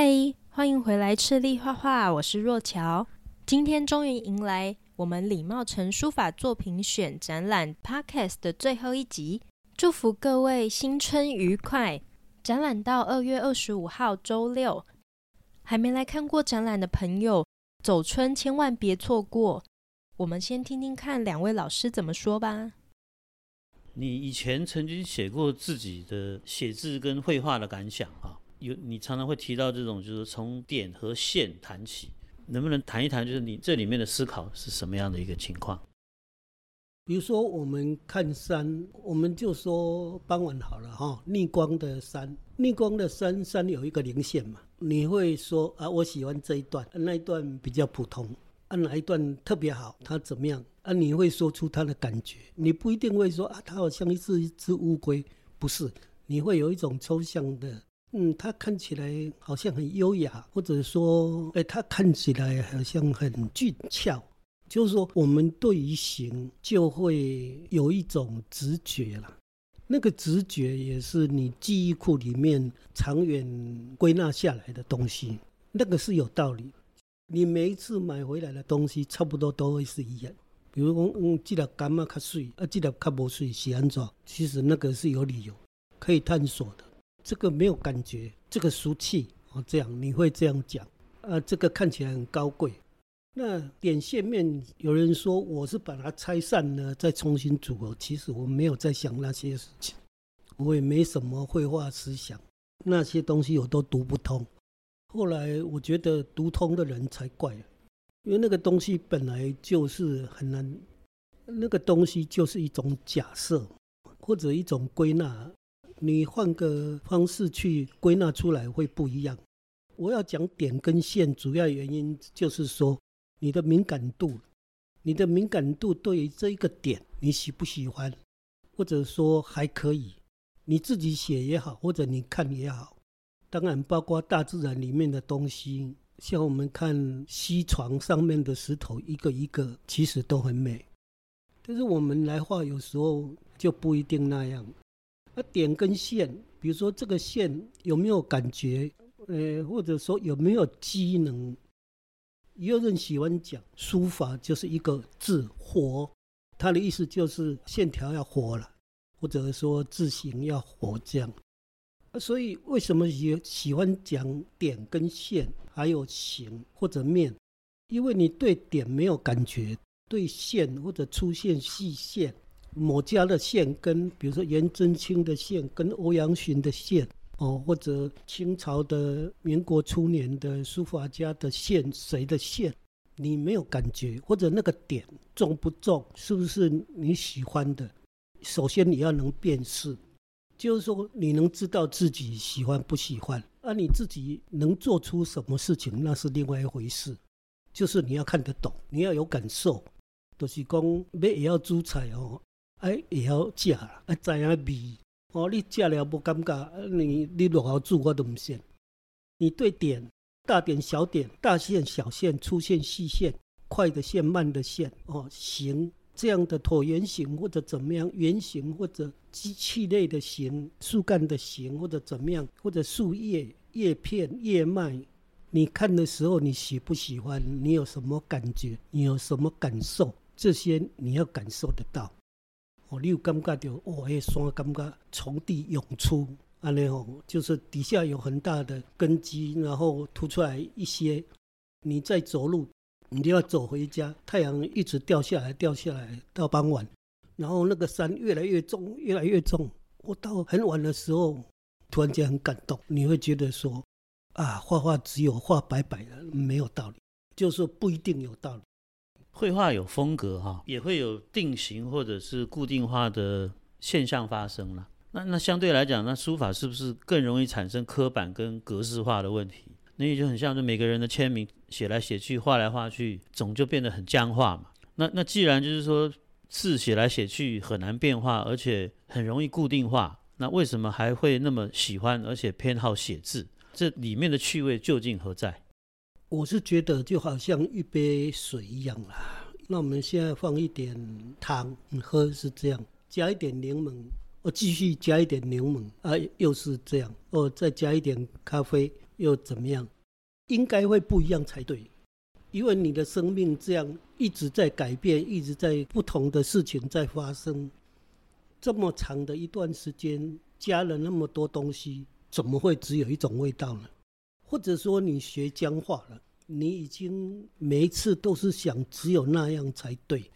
嗨，Hi, 歡迎回來赤粒話畫，我是若喬。今天終於迎來我們李茂成書法作品選展覽 podcast 的最後一集。祝福各位新春愉快！展覽到二月二十五號周六，還沒來看過展覽的朋友，走春千萬別錯過。我們先聽聽看兩位老師怎麼說吧。你以前曾經寫過自己的寫字跟繪畫的感想啊？有你常常會提到這種，就是從點和線談起，能不能談一談，就是你這裡面的思考是什麼樣的一個情況？比如說我們看山，我們就說傍晚好了哈、哦，逆光的山，逆光的山，山有一個稜線嘛，你會說啊，我喜歡這一段，那一段比較普通，啊哪一段特別好，它怎麼樣？啊你會說出它的感覺，你不一定會說啊，它好像一隻一隻烏龜，不是，你會有一種抽象的。嗯，它看起來好像很優雅，或者說，哎、欸，它看起來好像很俊俏。就是說，我們對於形就會有一種直覺了。那個直覺也是你記憶庫裡面長遠歸納下來的東西，那個是有道理。你每一次買回來的東西，差不多都會是一樣。比如說嗯，記得干嘛卡水，啊，記得卡薄水洗完澡，其實那個是有理由可以探索的。這個沒有感覺，這個俗氣哦，這樣你會這樣講，啊？這個看起來很高貴，那點線面有人說我是把它拆散了再重新組合，其實我沒有在想那些事情，我也沒什麼繪畫思想，那些東西我都讀不通，後來我覺得讀通的人才怪，因為那個東西本來就是很難，那個東西就是一種假設或者一種歸納。你換個方式去歸納出來會不一樣。我要講點跟線，主要原因就是說你的敏感度，你的敏感度對於這一個點，你喜不喜歡，或者說還可以，你自己寫也好，或者你看也好，當然包括大自然裡面的東西，像我們看溪床上面的石頭，一個一個其實都很美，但是我們來畫有時候就不一定那樣。啊、點跟線，比如說這個線有沒有感覺？呃，或者說有沒有機能？也有人喜歡講書法就是一個字活，他的意思就是線條要活了，或者說字形要活，這樣、啊。所以為什麼也喜歡講點跟線，還有形或者面？因為你對點沒有感覺，對線或者粗線、細線。某家的線跟，比如說顏真卿的線跟歐陽詢的線，哦，或者清朝的、民國初年的書法家的線，誰的線，你沒有感覺，或者那個點重不重，是不是你喜歡的？首先你要能辨識，就是說你能知道自己喜歡不喜歡、啊，而你自己能做出什麼事情，那是另外一回事。就是你要看得懂，你要有感受，都是公，沒也要出彩哦。哎，要加了哎，知影味道哦。你加了沒感覺，你你如何做？我都唔信。你對點大點小點，大線小線，粗線細線，快的線慢的線哦，形這樣的橢圓形或者怎麼樣，圓形或者機器類的形，樹幹的形或者怎麼樣，或者樹葉、葉片、葉脈，你看的時候你喜不喜歡？你有什麼感覺？你有什麼感受？這些你要感受得到。我又感覺到，哦，那山感覺從地湧出，安尼吼，就是底下有很大的根基，然後突出來一些，你在走路，你就要走回家。太陽一直掉下來，掉下來到傍晚，然後那個山越來越重，越來越重。我、哦、到很晚的時候，突然間很感動，你會覺得說，啊，畫畫只有畫白白的，沒有道理，就是不一定有道理。繪畫有風格哈，也會有定型或者是固定化的現象發生了。那那相對來講，那書法是不是更容易產生刻板跟格式化的問題？那也就很像，就每個人的簽名寫來寫去，畫來畫去，總就變得很僵化嘛。那那既然就是說字寫來寫去很難變化，而且很容易固定化，那為什麼還會那麼喜歡而且偏好寫字？這裡面的趣味究竟何在？我是覺得就好像一杯水一樣啦，那我們現在放一點糖喝是這樣，加一點檸檬，我繼續加一點檸檬啊，又是這樣，我、哦、再加一點咖啡又怎麼樣？應該會不一樣才對，因為你的生命這樣一直在改變，一直在不同的事情在發生，這麼長的一段時間加了那麼多東西，怎麼會只有一種味道呢？或者說你學僵化了，你已經每一次都是想只有那樣才對，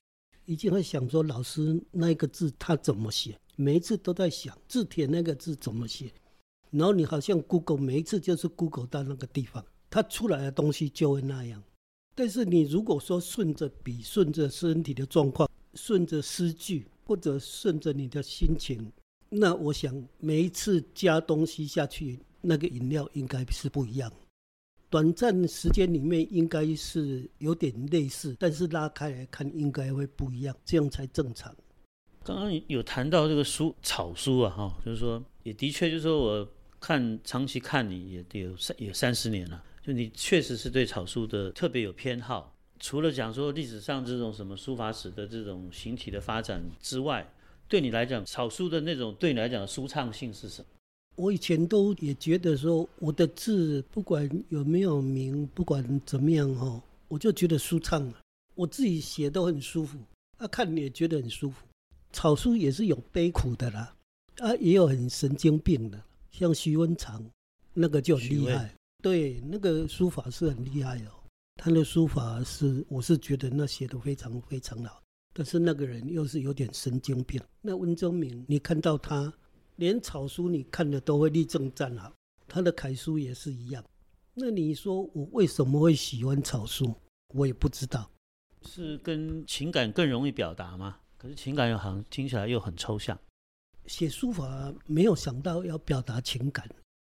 已經會想說老師那個字他怎麼寫，每一次都在想字帖那個字怎麼寫，然後你好像 Google 每一次就是 Google 到那個地方，它出來的東西就會那樣。但是你如果說順着筆，順着身體的狀況，順着詩句或者順着你的心情，那我想每一次加東西下去。那個飲料應該是不一樣，短暫時間裡面應該是有點類似，但是拉開來看應該會不一樣，這樣才正常。剛剛有談到這個書草書啊，哈、哦，就是說也的確就是說我看長期看你也得有三也三十年了，就你確實是對草書的特別有偏好。除了講說歷史上這種什麼書法史的這種形體的發展之外，對你來講草書的那種對你來講的舒暢性是什麼？我以前都也覺得說，我的字不管有沒有名，不管怎麼樣哦，我就覺得舒暢、啊、我自己寫都很舒服，啊，看也覺得很舒服。草書也是有悲苦的啦，啊，也有很神經病的，像徐文長，那個就很厲害，對，那個書法是很厲害哦。他的書法是，我是覺得那寫得非常非常老，但是那個人又是有點神經病。那文徵明，你看到他？連草書你看的都會立正站好，他的楷書也是一樣。那你說我為什麼會喜歡草書？我也不知道，是跟情感更容易表達嗎？可是情感又好像聽起來又很抽象。寫書法沒有想到要表達情感，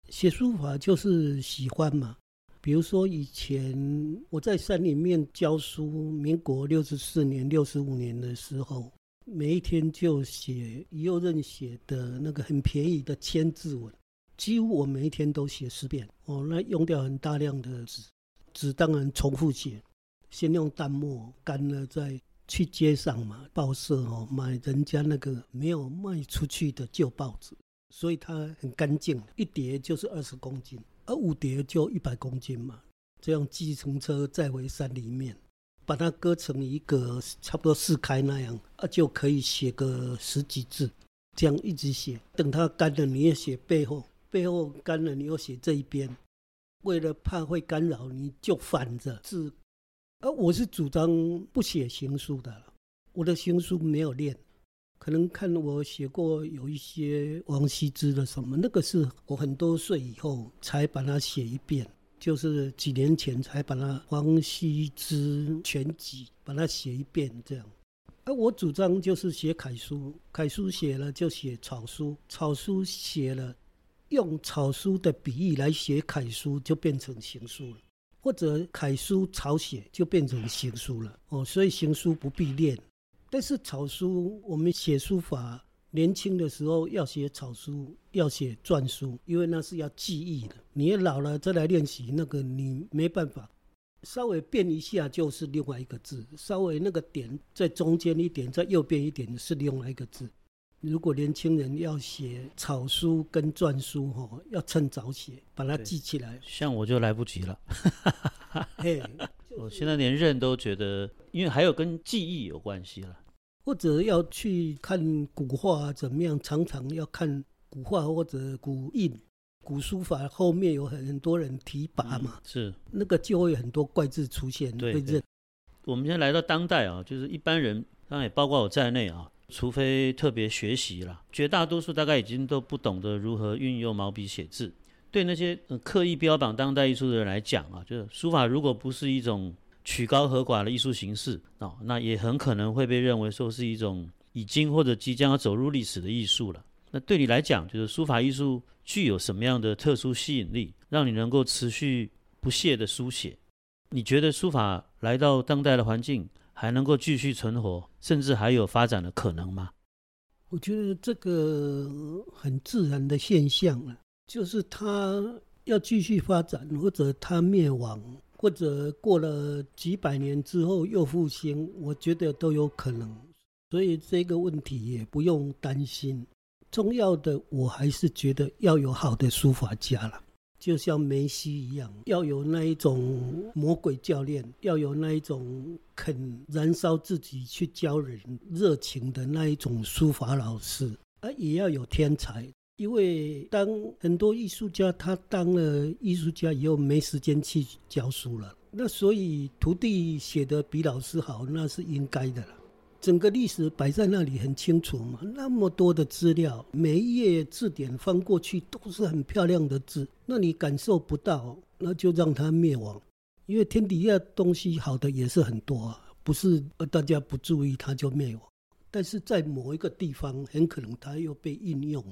寫書法就是喜歡嘛。比如說以前我在山裡面教書，民國六十四年、六十五年的時候。每一天就寫於右任寫的那個很便宜的千字文，幾乎我每一天都寫十遍，哦，那用掉很大量的紙，紙當然重複寫，先用淡墨乾了再去街上嘛，報社哦買人家那個沒有賣出去的舊報紙，所以它很乾淨，一疊就是二十公斤，而五疊就一百公斤嘛，這樣計程車載回山裡面。把它割成一個差不多四開那樣，啊，就可以寫個十幾字，這樣一直寫。等它乾了，你也寫背後；背後乾了，你又寫這一邊。為了怕會干擾，你就反着字。啊，我是主張不寫行書的，我的行書沒有練。可能看我寫過有一些王羲之的什麼，那個是我很多歲以後才把它寫一遍。就是幾年前才把那《王羲之全集》把它寫一遍這樣。而、啊、我主張就是寫楷書，楷書寫了就寫草書，草書寫了，用草書的筆意來寫楷書就變成行書了，或者楷書草寫就變成行書了。哦，所以行書不必練，但是草書我們寫書法。年輕的時候要寫草書，要寫篆書，因為那是要記憶的。你老了再來練習那個，你沒辦法，稍微變一下就是另外一個字。稍微那個點在中間一點，在右邊一點是另外一個字。如果年輕人要寫草書跟篆書，吼、喔，要趁早寫，把它記起來。像我就來不及了。嘿，我現在連認都覺得，因為還有跟記憶有關係了。或者要去看古畫怎麼樣？常常要看古畫或者古印、古書法，後面有很多人提拔嘛。嗯，是那個就會有很多怪字出現，對，對我們現在來到當代啊，就是一般人，當然也包括我在內啊，除非特別學習了，絕大多數大概已經都不懂得如何運用毛筆寫字。對那些刻意標榜當代藝術的人來講啊，就是書法如果不是一種。曲高和寡的藝術形式，哦，那也很可能會被認為說是一種已經或者即將要走入歷史的藝術了。那對你來講，就是書法藝術具有什麼樣的特殊吸引力，讓你能夠持續不懈的書寫？你覺得書法來到當代的環境，還能夠繼續存活，甚至還有發展的可能嗎？我覺得這個很自然的現象了，啊，就是它要繼續發展，或者它滅亡。或者過了幾百年之後又復興，我覺得都有可能，所以這個問題也不用擔心。重要的，我還是覺得要有好的書法家啦，就像梅西一樣，要有那一種魔鬼教練，要有那一種肯燃燒自己去教人、熱情的那一種書法老師，啊，也要有天才。因為當很多藝術家，他當了藝術家以後沒時間去教書了，那所以徒弟寫的比老師好，那是應該的了。整個歷史擺在那裡很清楚嘛，那麼多的資料，每一頁字典翻過去都是很漂亮的字，那你感受不到，那就讓它滅亡。因為天底下東西好的也是很多啊，不是呃大家不注意它就滅亡，但是在某一個地方，很可能它又被應用。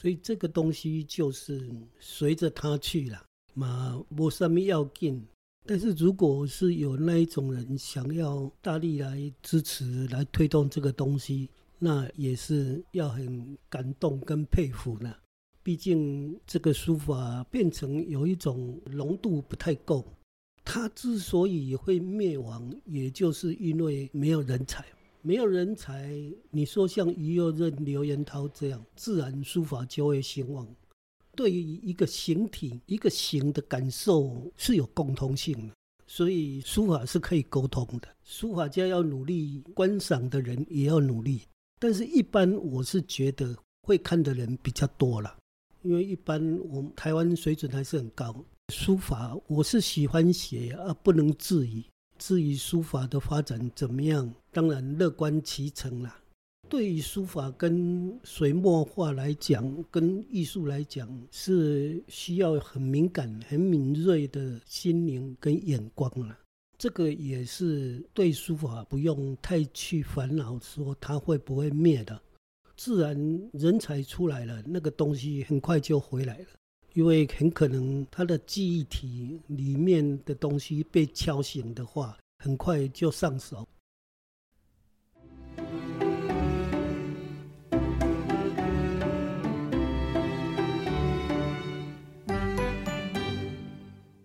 所以這個東西就是隨着他去了嘛，沒什麼要緊。但是如果是有那一種人想要大力來支持，來推動這個東西，那也是要很感動跟佩服的。畢竟這個書法變成有一種濃度不太夠，它之所以會滅亡，也就是因為沒有人才。沒有人才，你說像於右任、劉延濤這樣，自然書法就會興旺。對於一個形體、一個形的感受是有共通性的，所以書法是可以溝通的。書法家要努力，觀賞的人也要努力。但是，一般我是覺得會看的人比較多了，因為一般我們台灣水準還是很高。書法，我是喜歡寫，而不能質疑。至於書法的發展怎麼樣，當然樂觀其成啦。對於書法跟水墨畫來講，跟藝術來講，是需要很敏感、很敏銳的心靈跟眼光了。這個也是對書法不用太去煩惱說，說它會不會滅的。自然人才出來了，那個東西很快就回來了。因為很可能他的記憶體裡面的東西被敲醒的話，很快就上手。